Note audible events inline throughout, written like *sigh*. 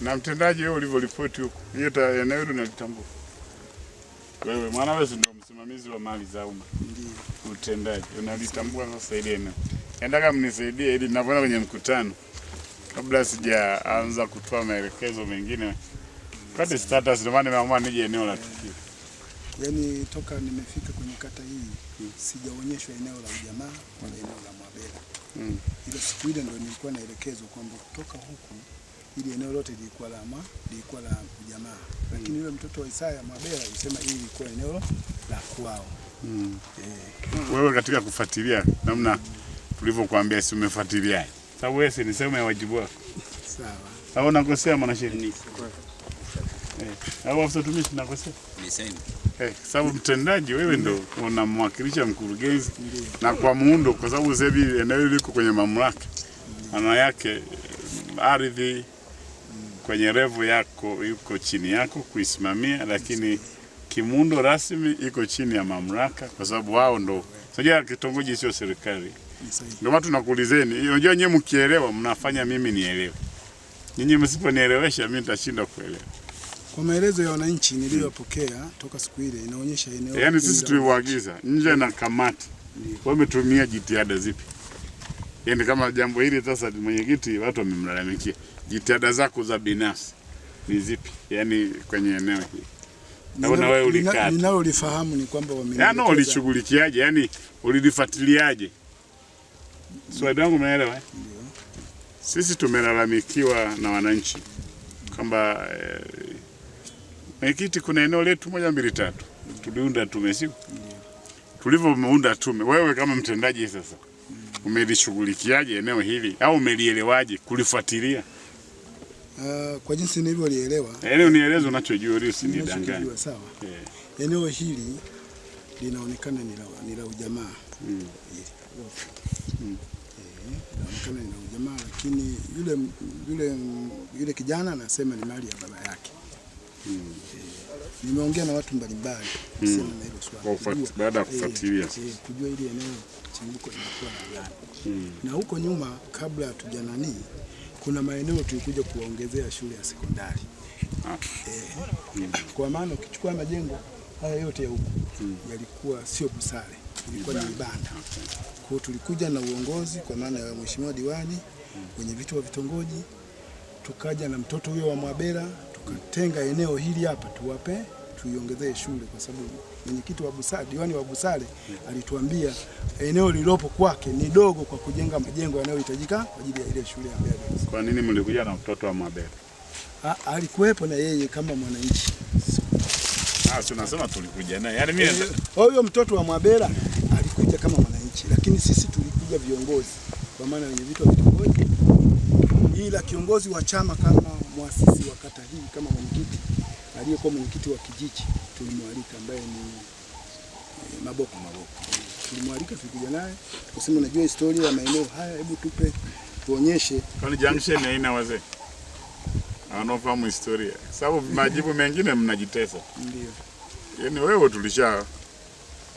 na mtendaji wewe ulivyoripoti huko, hiyo eneo hilo nalitambua. Wewe maana wewe ndio msimamizi wa mali za umma, ndio utendaji unalitambua. Sasa ile eneo Endaka mnisaidie, ili ninavyoona kwenye mkutano, kabla sijaanza kutoa maelekezo mengine, kati status, ndio maana nimeamua nije eneo la tukio. Yaani toka nimefika kwenye kata hii sijaonyeshwa eneo la ujamaa wala eneo la Mwabela Mm. Ile siku ile ndio nilikuwa naelekezwa kwamba kutoka huku ili eneo lote lilikuwa la ma lilikuwa la jamaa, lakini yule mtoto wa Isaya Mabera alisema hili lilikuwa eneo la kwao. Mm. E. Wewe katika kufuatilia namna tulivyokuambia, si umefuatilia? Sababu wewe ni sehemu ya wajibu wako. Sawa. Au nakosea mwanasheria? Eh. Au afisa tumishi nakosea? Niseme. Eh, sababu mtendaji wewe ndo unamwakilisha mkurugenzi na kwa muundo, kwa sababu zebi eneo liko kwenye mamlaka ana yake ardhi kwenye revu yako yuko chini yako kuisimamia, lakini kimundo rasmi iko chini ya mamlaka, kwa sababu wao ndo unajua, kitongoji sio serikali. Ndio maana tunakuulizeni, unajua nyewe mkielewa mnafanya mimi nielewe, nyinyi msiponielewesha mimi nitashindwa kuelewa. Kwa maelezo ya wananchi niliyopokea hmm, toka siku ile inaonyesha eneo, yaani sisi tuliwaagiza nje na kamati, wametumia jitihada zipi? Yaani kama jambo hili sasa, mwenyekiti, watu wamemlalamikia, jitihada zako za binafsi ni zipi? Yaani kwenye eneo hili naona wewe ulikata, ninalolifahamu ni kwamba wameni, yaani ulishughulikiaje? Yaani ulilifuatiliaje? Swali langu umeelewa? Eh? Ndio, Sisi tumelalamikiwa na wananchi kwamba eh, mwenyekiti, kuna eneo letu moja mbili tatu, tuliunda tume, sio tulivyounda tume. Wewe kama mtendaji sasa umelishughulikiaje eneo hili au umelielewaje kulifuatilia? Uh, kwa jinsi nilivyolielewa, eneo eh, nieleze unachojua leo, si nidanganye. Sawa, yeah. Eneo hili linaonekana ni la ujamaa mm. mm. yeah. ni la ujamaa, lakini yule, yule, yule kijana anasema ni mali ya baba yake mm. yeah. Nimeongea na watu mbalimbali hmm. na mm. baada ya kufuatilia eh, kujua ile eneo chimbuko lilikuwa na gani mm. na huko nyuma kabla hatuja nani, kuna maeneo tulikuja kuwaongezea shule ya sekondari ah. eh, mm. kwa maana ukichukua majengo haya yote ya huku mm. yalikuwa sio busare, ilikuwa ni ibanda. Kwa hiyo tulikuja na uongozi kwa maana ya mheshimiwa diwani, hmm. wenye mm. vitu wa vitongoji, tukaja na mtoto huyo wa Mwabera tukatenga eneo hili hapa tuwape tuiongezee shule, kwa sababu mwenyekiti wa Busale, diwani wa Busale alituambia eneo lililopo kwake ni dogo kwa kujenga majengo yanayohitajika kwa ajili ya ile shule ya Mbele. Kwa nini mlikuja na mtoto wa Mabele? Alikuwepo na yeye kama mwananchi ah, tulikuja naye. Yaani mimi eh, eh, huyo mtoto wa Mwabera alikuja kama mwananchi, lakini sisi tulikuja viongozi, kwa maana wenye vitu vitongoji, ila kiongozi wa chama kama mwasisi wa kata hii kama mwenyekiti aliyekuwa mwenyekiti wa kijiji tulimwalika, ambaye ni e, Maboko Maboko, tulimwalika tulikuja naye tukasema, unajua historia ya maeneo haya, hebu tupe tuonyeshe. Kwani junction haina wazee wanaofahamu historia? Sababu *laughs* majibu mengine mnajitesa. Ndio yani wewe tulisha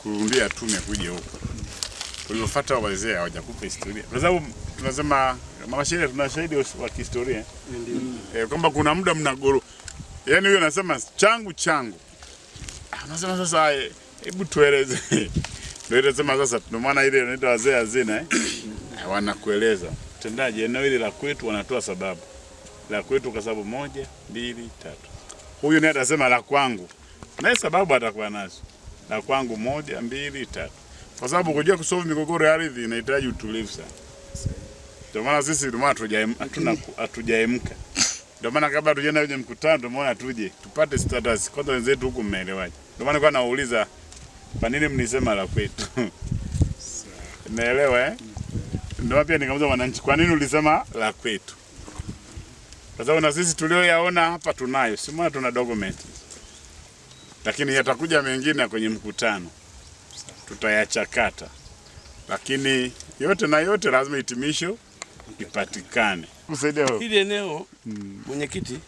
kurumbia tume kuja huko uliofuata wazee hawajakupa historia, kwa sababu tunasema mawasheria tuna shahidi wa kihistoria e, eh, kwamba kuna muda mnagoro Yaani huyo anasema changu changu, ah, anasema sasa, hebu tueleze. *laughs* Ndio ile sema sasa, ndio maana ile inaitwa wazee hazina eh? eh? wanakueleza mtendaji, eneo hili la kwetu, wanatoa sababu la kwetu kwa sababu moja, mbili, tatu. Huyu naye atasema la kwangu, naye sababu atakuwa nazo la kwangu moja, mbili, tatu, kwa sababu kujua kusolve migogoro ya ardhi inahitaji utulivu sana. Ndio maana sisi ndio maana hatujaemka ndio maana kabla tujaenda kwenye mkutano tumeona tuje tupate status kwanza, wenzetu huku mmeelewaje? Ndio maana kwa nauliza kwa nini mnisema la kwetu naelewa *laughs* eh? Ndio pia nikauliza wananchi, kwa nini ulisema la kwetu? Kwa sababu na sisi tulioyaona hapa tunayo, si maana tuna document, lakini yatakuja mengine kwenye mkutano tutayachakata, lakini yote na yote lazima hitimisho ipatikane kusaidia wewe. Hili eneo mm. Mwenyekiti,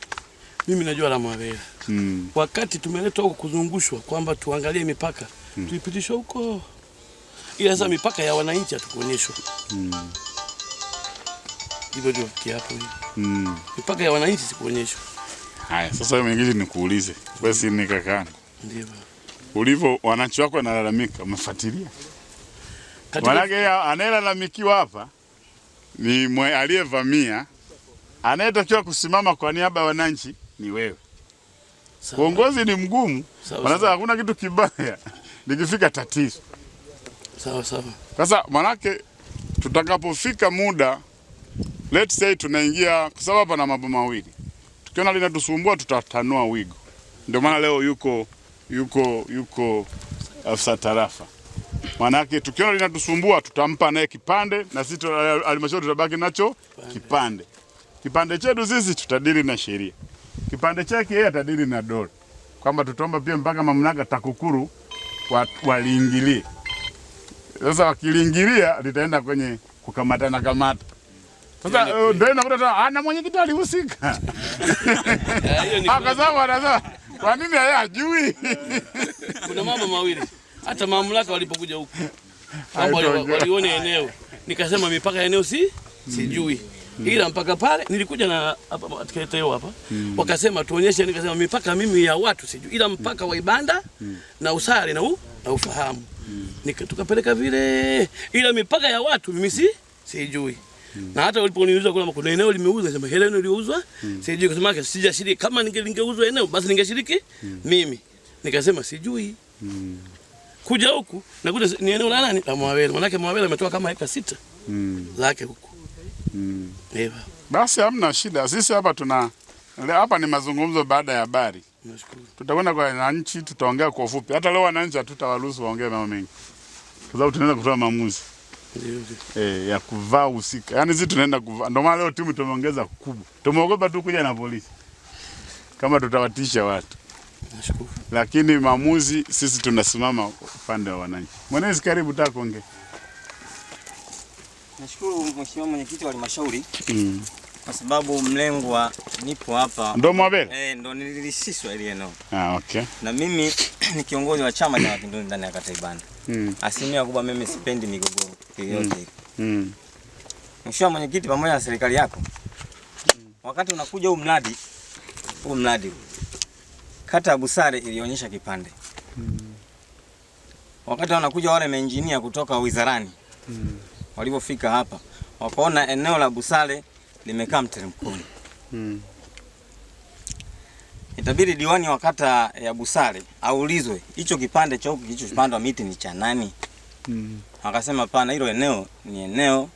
mimi najua la Mawela mm. wakati tumeletwa huko kuzungushwa kwamba tuangalie mipaka mm. tuipitishwa huko, ila sasa hmm. mipaka ya wananchi hatukuonyeshwa mm. hivyo ndio kiapo mm. mipaka ya wananchi sikuonyeshwa. Haya, sasa wewe mwenyekiti, nikuulize wewe, si ni kakani? Ndio ulivyo, wananchi wako wanalalamika, umefuatilia Manake anayelalamikiwa hapa ni aliyevamia anayetakiwa kusimama kwa niaba ya wananchi ni wewe. Uongozi ni mgumu, wanaza hakuna kitu kibaya *laughs* nikifika tatizo. Sawa sawa. Sasa manake tutakapofika muda let's say tunaingia, kwa sababu hapa na mambo mawili, tukiona linatusumbua tutatanua wigo. Ndio maana leo yuko yuko yuko afisa tarafa, manake tukiona linatusumbua tutampa naye kipande, na sisi halmashauri tutabaki nacho kipande. Kipande chetu sisi tutadili na sheria, kipande chake yeye atadili na dola, kwamba tutaomba pia mpaka mamlaka TAKUKURU waliingilie. Sasa wakiliingilia litaenda kwenye kukamatana kamata sasa yaani eh, ndio inakuta ana ah, mwenyekiti alihusika, akasema *laughs* eh, anasema kwa nini yeye ajui? *laughs* Kuna mambo mawili, hata mamlaka walipokuja huko. huku walione eneo, nikasema mipaka ya eneo si sijui mm. ila mpaka pale nilikuja na hapa tiketi hiyo hapa mm. wakasema tuonyeshe, nikasema mipaka mimi ya watu sijui, ila mpaka mm. wa Ibanda mm. na usali na, u, na ufahamu mm. tukapeleka vile, ila mipaka ya watu mimi si sijui Hmm. Na hata waliponiuliza kuna kuna eneo limeuzwa, sema hele eneo liuzwa, hmm. sijui kusema yake sijashiriki. Kama ningeuzwa eneo basi ningeshiriki hmm. mimi. Nikasema sijui. Hmm. Kuja huku nakuta ni eneo la nani? La Mwawela. Manake yake Mwawela ametoa kama eka sita. Hmm. Zake huku. Mm. Ewa. Basi hamna shida, sisi hapa tuna hapa ni mazungumzo baada ya habari. Nashukuru. Tutakwenda kwa wananchi, tutaongea kwa ufupi. Hata leo wananchi hatutawaruhusu waongee mambo mengi, kwa sababu tunaenda kutoa maamuzi e, ya kuvaa husika. Yaani sisi tunaenda kuvaa, ndio maana leo timu tumeongeza kubwa. Tumeogopa tu kuja na polisi kama tutawatisha watu. Nashukuru. Lakini maamuzi sisi tunasimama upande wa wananchi. Mwenezi, karibu takuongea Nashukuru Mheshimiwa Mwenyekiti wa Halmashauri mm. kwa sababu mlengwa nipo hapa ndo Mwabele eh, ndo nililisishwa ile eneo ah, okay. na mimi *clears throat* ni kiongozi wa Chama cha Mapinduzi ndani ya kata Ibanda mm. asilimia kubwa mimi sipendi migogoro yoyote mm. mm. Mheshimiwa Mwenyekiti, pamoja na serikali yako mm. wakati unakuja huu mradi huu mradi kata ya Busare ilionyesha kipande mm. wakati wanakuja wale maengineer kutoka wizarani mm walivyofika hapa wakaona eneo la Busale limekaa mteremkoni mm. Itabidi diwani wa kata ya Busale aulizwe hicho kipande cha huku kilichopandwa miti ni cha nani? mm. Akasema pana, hilo eneo ni eneo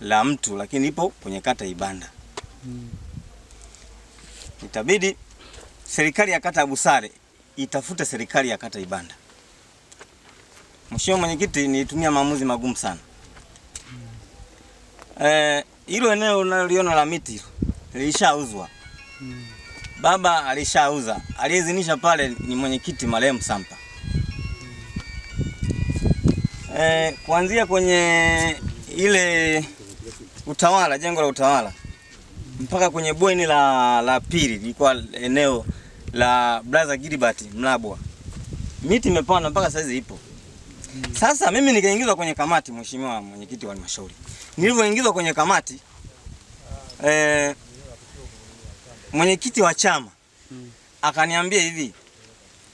la mtu, lakini ipo kwenye kata Ibanda. mm. Itabidi serikali ya kata ya Busale itafute serikali ya kata Ibanda. Mheshimiwa Mwenyekiti, nilitumia maamuzi magumu sana Eh, hilo eh, eneo unaliona la miti lilishauzwa. Mm. Baba alishauza, aliyezinisha pale ni mwenyekiti marehemu Sampa. Mm. Eh, kuanzia kwenye ile utawala, jengo la utawala mpaka kwenye bweni la, la pili lilikuwa eneo la Brother Gilbert Mlabwa, miti imepandwa mpaka saizi ipo. Sasa mimi nikaingizwa kwenye kamati, mheshimiwa mwenyekiti wa halmashauri nilivyoingizwa kwenye kamati eh, mwenyekiti wa chama akaniambia hivi,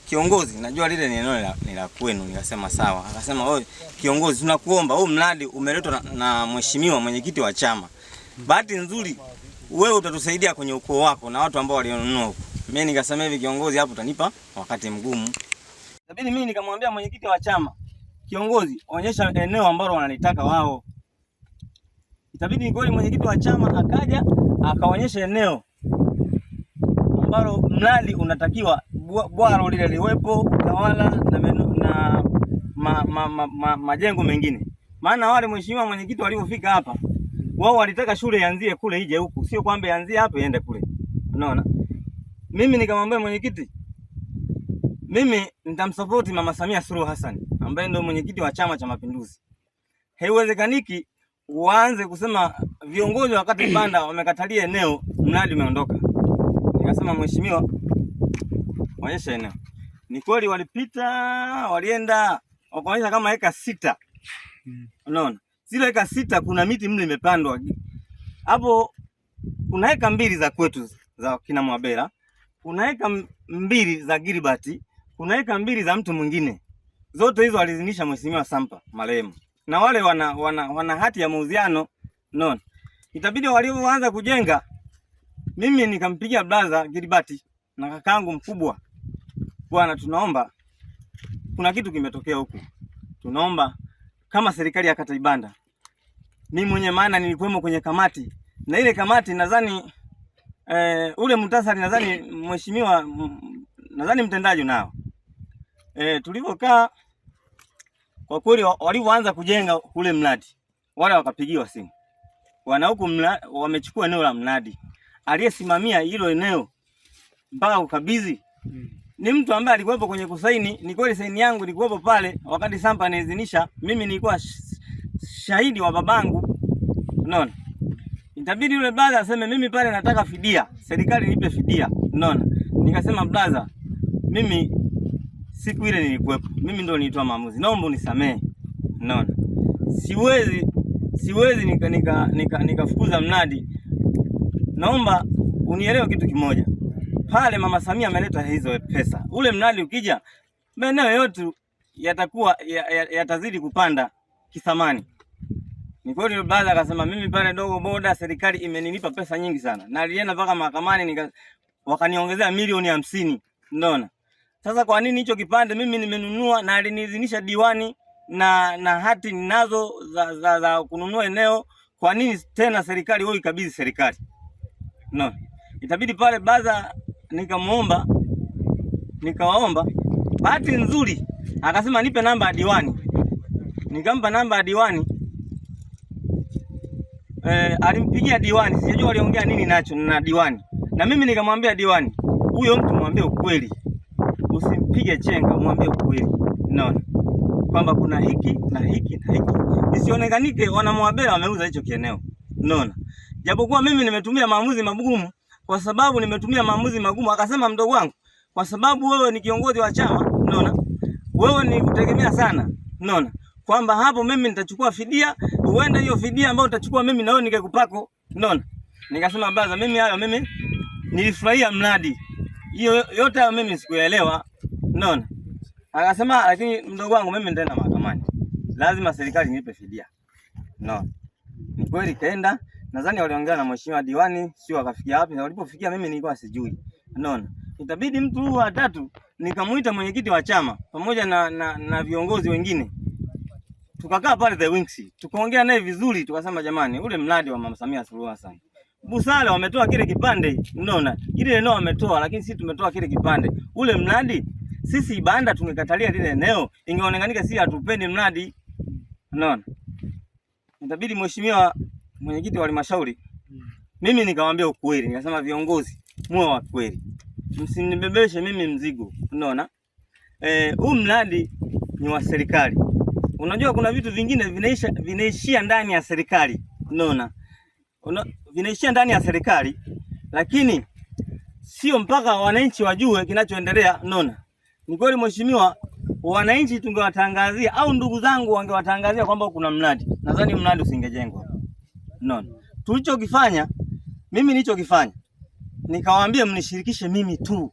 kiongozi, najua lile ni eneo ni la kwenu. Nikasema sawa. Akasema wewe kiongozi, tunakuomba huu mradi umeletwa na, na mheshimiwa mwenyekiti wa chama, bahati nzuri wewe utatusaidia kwenye ukoo wako na watu ambao walionunua huko. Mimi nikasema hivi, kiongozi, hapo utanipa wakati mgumu. Mimi nikamwambia mwenyekiti wa chama, kiongozi, onyesha eneo ambalo wananitaka wao itabidi Igoli mwenyekiti wa chama akaja akaonyesha eneo ambalo mradi unatakiwa bwalo lile liwepo, utawala na, menu, na ma, ma, ma, ma, majengo mengine. Maana wale mheshimiwa mwenyekiti walivyofika hapa, wao walitaka shule ianzie kule ije huku, sio kwamba ianzie hapa iende kule. Unaona, mimi nikamwambia mwenyekiti, mimi nitamsapoti Mama Samia Suluhu Hassan ambaye ndio mwenyekiti wa Chama cha Mapinduzi. Haiwezekaniki uanze kusema viongozi wakati banda wamekatalia eneo, mradi umeondoka. Nikasema mheshimiwa, onyesha eneo. Ni kweli walipita, walienda wakaonyesha kama eka sita. Unaona zile eka sita, kuna miti mle imepandwa hapo. Kuna eka mbili za kwetu za kina Mwabera, kuna eka mbili za gilibati kuna eka mbili za mtu mwingine. Zote hizo alizinisha mheshimiwa Sampa marehemu na wale wana, wana, wana hati ya mauziano non, itabidi walioanza kujenga, mimi nikampigia blaza Gilibati na kakangu mkubwa, bwana, tunaomba kuna kitu kimetokea huku, tunaomba kama serikali ya kata Ibanda, mimi mwenye maana nilikuwemo kwenye kamati na ile kamati nadhani e, ule mtasari nadhani mheshimiwa, nadhani mtendaji nao eh, tulivyokaa kwa kweli walivyoanza kujenga ule mradi, wale wakapigiwa simu. Wana huku wamechukua eneo la mradi. Aliyesimamia hilo eneo mpaka kukabidhi hmm. ni mtu ambaye alikuwepo kwenye kusaini. Ni kweli saini yangu ilikuwepo pale wakati Sampa anaidhinisha, mimi nilikuwa shahidi wa babangu. Unaona? Itabidi yule brother aseme mimi pale nataka fidia, serikali nipe fidia. Unaona? Nikasema brother, mimi siku ile nilikuwepo mimi, ndo nilitoa maamuzi, naomba unisamehe. Unaona, siwezi siwezi nikafukuza nika, nika, nika mnadi. Naomba unielewe kitu kimoja, pale Mama Samia ameleta hizo pesa, ule mnadi ukija, maeneo yote yatakuwa yatazidi ya, ya kupanda kithamani. Ni kweli baadhi akasema, mimi pale dogo boda, serikali imenilipa pesa nyingi sana, na nilienda mpaka mahakamani nika wakaniongezea milioni hamsini. Unaona sasa kwa nini hicho kipande mimi nimenunua na aliniidhinisha diwani na na hati ninazo za, za, za kununua eneo. Kwa nini tena serikali wao ikabidhi serikali? No, itabidi pale baza, nikamuomba nikawaomba. Bahati nzuri akasema nipe namba ya diwani, nikampa namba ya diwani. E, alimpigia diwani, sijajua aliongea nini nacho na diwani, na mimi nikamwambia diwani, huyo mtu mwambie ukweli usimpige chenga, mwambie ukweli. Unaona kwamba kuna hiki na hiki na hiki, isionekanike wana Mwabela wameuza hicho kieneo. Unaona, japokuwa mimi nimetumia maamuzi magumu, kwa sababu nimetumia maamuzi magumu. Akasema mdogo wangu, kwa sababu wewe ni kiongozi wa chama, unaona wewe ni kutegemea sana, unaona kwamba hapo mimi nitachukua fidia, uende hiyo fidia ambayo utachukua mimi na wewe nikakupako, unaona. Nikasema baza, mimi hayo mimi nilifurahia mradi hiyo yote hayo mimi sikuelewa, Unaona? Akasema lakini mdogo wangu mimi nitaenda mahakamani. Lazima serikali nipe fidia. Unaona? Ni kweli kaenda, nadhani waliongea na mheshimiwa diwani, sio akafikia wapi na walipofikia mimi nilikuwa sijui. Unaona? Itabidi mtu huyu wa nikamuita mwenyekiti wa chama pamoja na, na, na viongozi wengine. Tukakaa pale the wings, tukaongea naye vizuri, tukasema jamani, ule mradi wa Mama Samia Suluhu Hassan Busale wametoa kile kipande, unaona, ile eneo wametoa, lakini sisi tumetoa kile kipande. Ule mradi sisi Ibanda tungekatalia lile eneo, ingeonekanika sisi hatupendi mradi. Unaona, itabidi mheshimiwa mwenyekiti wa halmashauri, mimi nikamwambia ukweli, nikasema viongozi muwe wa kweli, msinibebeshe mimi mzigo. Unaona eh, huu e, mradi ni wa serikali. Unajua kuna vitu vingine vinaisha vinaishia ndani ya serikali, unaona una, vinaishia ndani ya serikali, lakini sio mpaka wananchi wajue kinachoendelea. Unaona ni kweli mheshimiwa, wananchi tungewatangazia au ndugu zangu wangewatangazia kwamba kuna mradi, nadhani mradi usingejengwa. Unaona? Tulichokifanya mimi nilichokifanya nikawaambia mnishirikishe mimi tu.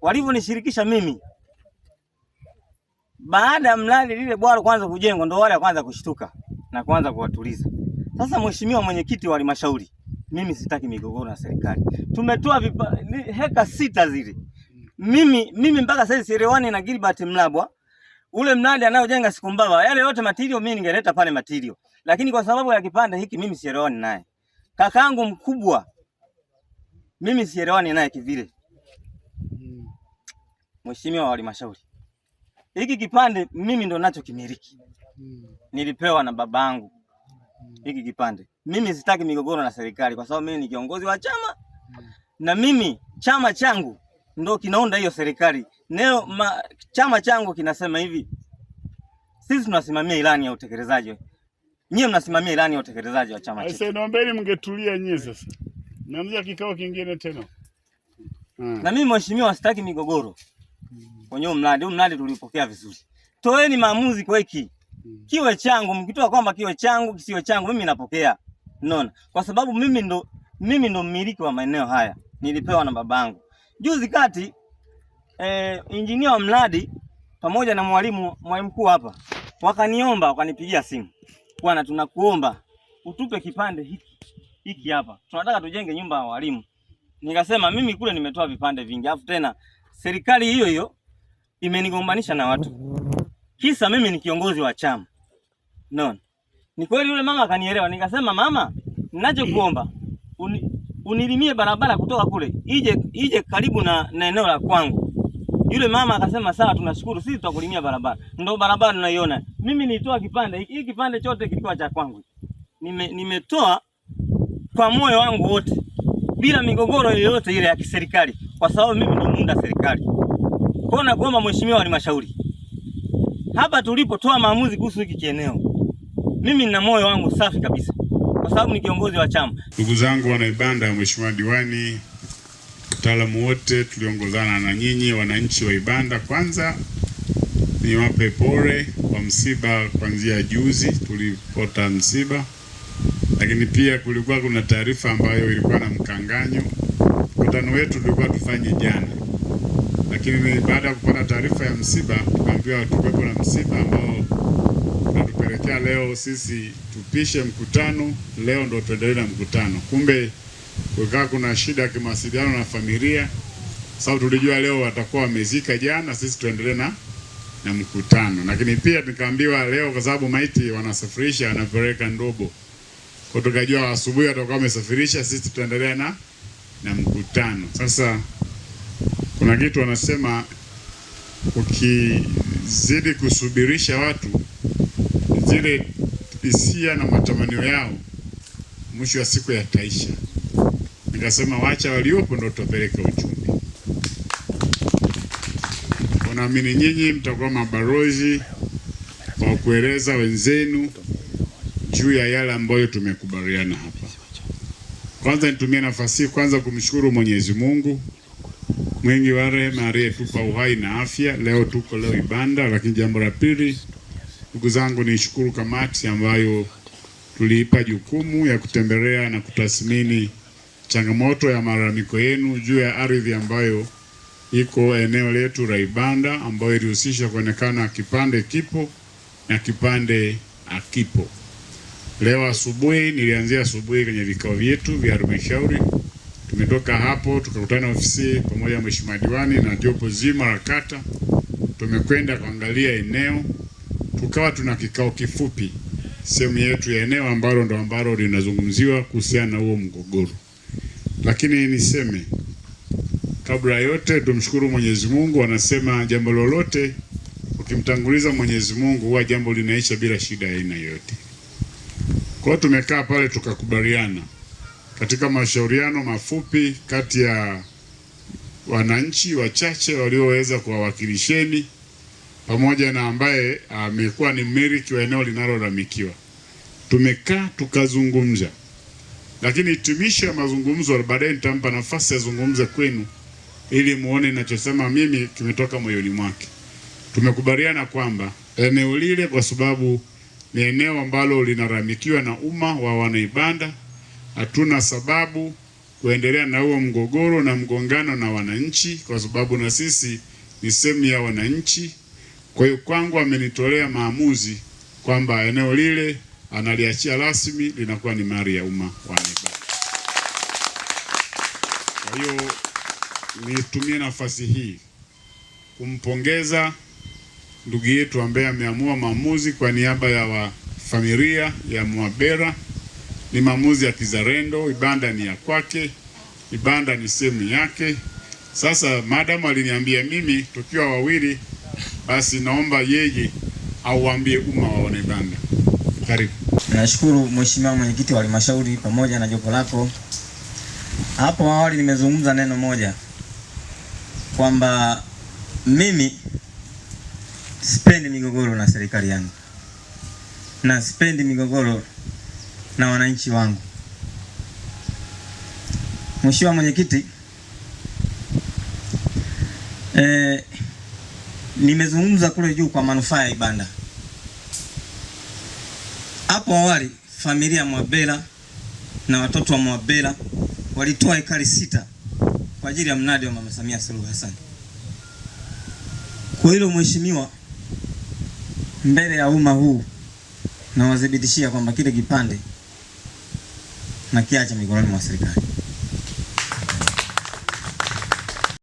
Walivyonishirikisha mimi baada ya mradi lile bwalo kwanza kujengwa ndio wale kwanza kushtuka na kwanza kuwatuliza. Sasa mheshimiwa mwenyekiti wa halmashauri, mimi sitaki migogoro na serikali. Tumetoa heka sita zile mimi mimi mpaka sasa sielewani na Gilbert Mlabwa. Ule mnadi anayojenga siku mbaba, yale yote matirio mimi ningeleta pale matirio. Lakini kwa sababu ya kipande hiki mimi sielewani naye. Kakaangu mkubwa mimi sielewani naye kivile. Hmm. Mheshimiwa wa Halmashauri. Hiki kipande mimi ndo nacho kimiliki, hmm. Nilipewa na babangu. Hmm. Hiki kipande. Mimi sitaki migogoro na serikali kwa sababu mimi ni kiongozi wa chama na mimi chama changu ndio kinaunda hiyo serikali. Neo ma, chama changu kinasema hivi, sisi tunasimamia ilani ya utekelezaji, nyie mnasimamia ilani ya utekelezaji wa chama chetu. Sasa naombeni mngetulia nyie sasa, naanza kikao kingine tena. Hmm. Na mimi mheshimiwa, sitaki migogoro kwenye huu mradi. Huu mradi tulipokea vizuri, toeni maamuzi kwa hiki hmm. kiwe changu, mkitoa kwamba kiwe changu kisiwe changu, mimi napokea. Unaona, kwa sababu mimi ndo mimi ndo mmiliki wa maeneo haya, nilipewa na babangu. Juzi kati eh, injinia wa mradi pamoja na mwalimu mwalimu mkuu hapa wakaniomba, wakanipigia simu, bwana, tunakuomba utupe kipande hiki hiki hapa, tunataka tujenge nyumba ya walimu. Nikasema mimi kule nimetoa vipande vingi, afu tena serikali hiyo hiyo imenigombanisha na watu, kisa mimi ni kiongozi wa chama non. Ni kweli yule mama akanielewa. Nikasema mama, ninachokuomba unilimie barabara kutoka kule ije ije karibu na, na eneo la kwangu. Yule mama akasema sawa, tunashukuru, sisi tutakulimia barabara. Ndio barabara tunaiona. Mimi nilitoa kipande hiki, kipande chote kilikuwa cha kwangu. Nime, nimetoa kwa moyo wangu wote bila migogoro yoyote ile ya kiserikali, kwa sababu mimi ndio muunda serikali. Kwa hiyo nakuomba mheshimiwa wa halmashauri, hapa toa maamuzi kuhusu hiki kieneo, mimi nina moyo wangu safi kabisa kwa sababu ni kiongozi wa chama. Ndugu zangu wanaibanda, mheshimiwa diwani, wataalamu wote tuliongozana na nyinyi, wananchi wa Ibanda, kwanza niwape pole kwa msiba. Kuanzia juzi tulipota msiba, lakini pia kulikuwa kuna taarifa ambayo ilikuwa na mkanganyo. Mkutano wetu tulikuwa tufanye jana, lakini baada ya kupata taarifa ya msiba tukaambiwa tukwepo na msiba ambao tulielekea leo sisi tupishe mkutano leo, ndo tuendelee na mkutano. Kumbe kukaa kuna shida ya kimawasiliano na familia, sababu tulijua leo watakuwa wamezika jana, sisi tuendelee na na mkutano. Lakini pia tukaambiwa leo, kwa sababu maiti wanasafirisha, wanapeleka Ndobo, kwa tukajua asubuhi watakuwa wamesafirisha, sisi tuendelee na na mkutano. Sasa kuna kitu wanasema ukizidi kusubirisha watu zile hisia na matamanio yao mwisho wa siku yataisha. Nikasema wacha waliopo ndio tutapeleka ujumbe. Naamini nyinyi mtakuwa mabalozi kwa kueleza wenzenu juu ya yale ambayo tumekubaliana hapa. Kwanza nitumie nafasi kwanza kumshukuru Mwenyezi Mungu mwingi wa rehema aliyetupa uhai na afya, leo tuko leo Ibanda. Lakini jambo la pili Ndugu zangu, nishukuru kamati ambayo tuliipa jukumu ya kutembelea na kutathmini changamoto ya malalamiko yenu juu ya ardhi ambayo iko eneo letu la Ibanda ambayo ilihusisha kuonekana kipande kipo na kipande akipo. Leo asubuhi, nilianzia asubuhi kwenye vikao vyetu vya halmashauri. Tumetoka hapo tukakutana ofisi pamoja na mheshimiwa diwani na jopo zima la kata, tumekwenda kuangalia eneo kukawa tuna kikao kifupi sehemu yetu ya eneo ambalo ndo ambalo linazungumziwa kuhusiana na huo mgogoro. Lakini niseme kabla yote, tumshukuru Mwenyezi Mungu. Anasema jambo lolote ukimtanguliza Mwenyezi Mungu huwa jambo linaisha bila shida ya aina yoyote. Kwa tumekaa pale tukakubaliana katika mashauriano mafupi kati ya wananchi wachache walioweza kuwawakilisheni pamoja na ambaye ah, amekuwa ni mmiliki wa eneo linaloramikiwa. Tumekaa tukazungumza, lakini hitimisho ya mazungumzo baadaye nitampa nafasi azungumze kwenu ili muone ninachosema mimi kimetoka moyoni mwake. Tumekubaliana kwamba eneo lile, kwa sababu ni eneo ambalo linaramikiwa na umma wa Wanaibanda, hatuna sababu kuendelea na huo mgogoro na mgongano na wananchi, kwa sababu na sisi ni sehemu ya wananchi. Kwa hiyo kwangu amenitolea maamuzi kwamba eneo lile analiachia rasmi, linakuwa ni mali ya umma wa Naibada. Kwa hiyo nitumie nafasi hii kumpongeza ndugu yetu ambaye ameamua maamuzi kwa niaba ya wa familia ya Mwabera. Ni maamuzi ya kizalendo. Ibanda ni ya kwake, Ibanda ni sehemu yake. Sasa madamu aliniambia mimi tukiwa wawili basi naomba yeye auambie umma wa Wanebanda. Karibu. Nashukuru Mheshimiwa Mwenyekiti wa Halmashauri pamoja na jopo lako. Hapo awali nimezungumza neno moja kwamba mimi sipendi migogoro na serikali yangu na sipendi migogoro na wananchi wangu. Mheshimiwa Mwenyekiti, eh, nimezungumza kule juu kwa manufaa ya ibanda Hapo awali familia ya Mwabela na watoto wa Mwabela walitoa ekari sita kwa ajili ya mnadi wa Mama Samia Suluhu Hassan. Kwa hilo mheshimiwa, mbele ya umma huu nawathibitishia kwamba kile kipande na kiacha mikononi mwa serikali.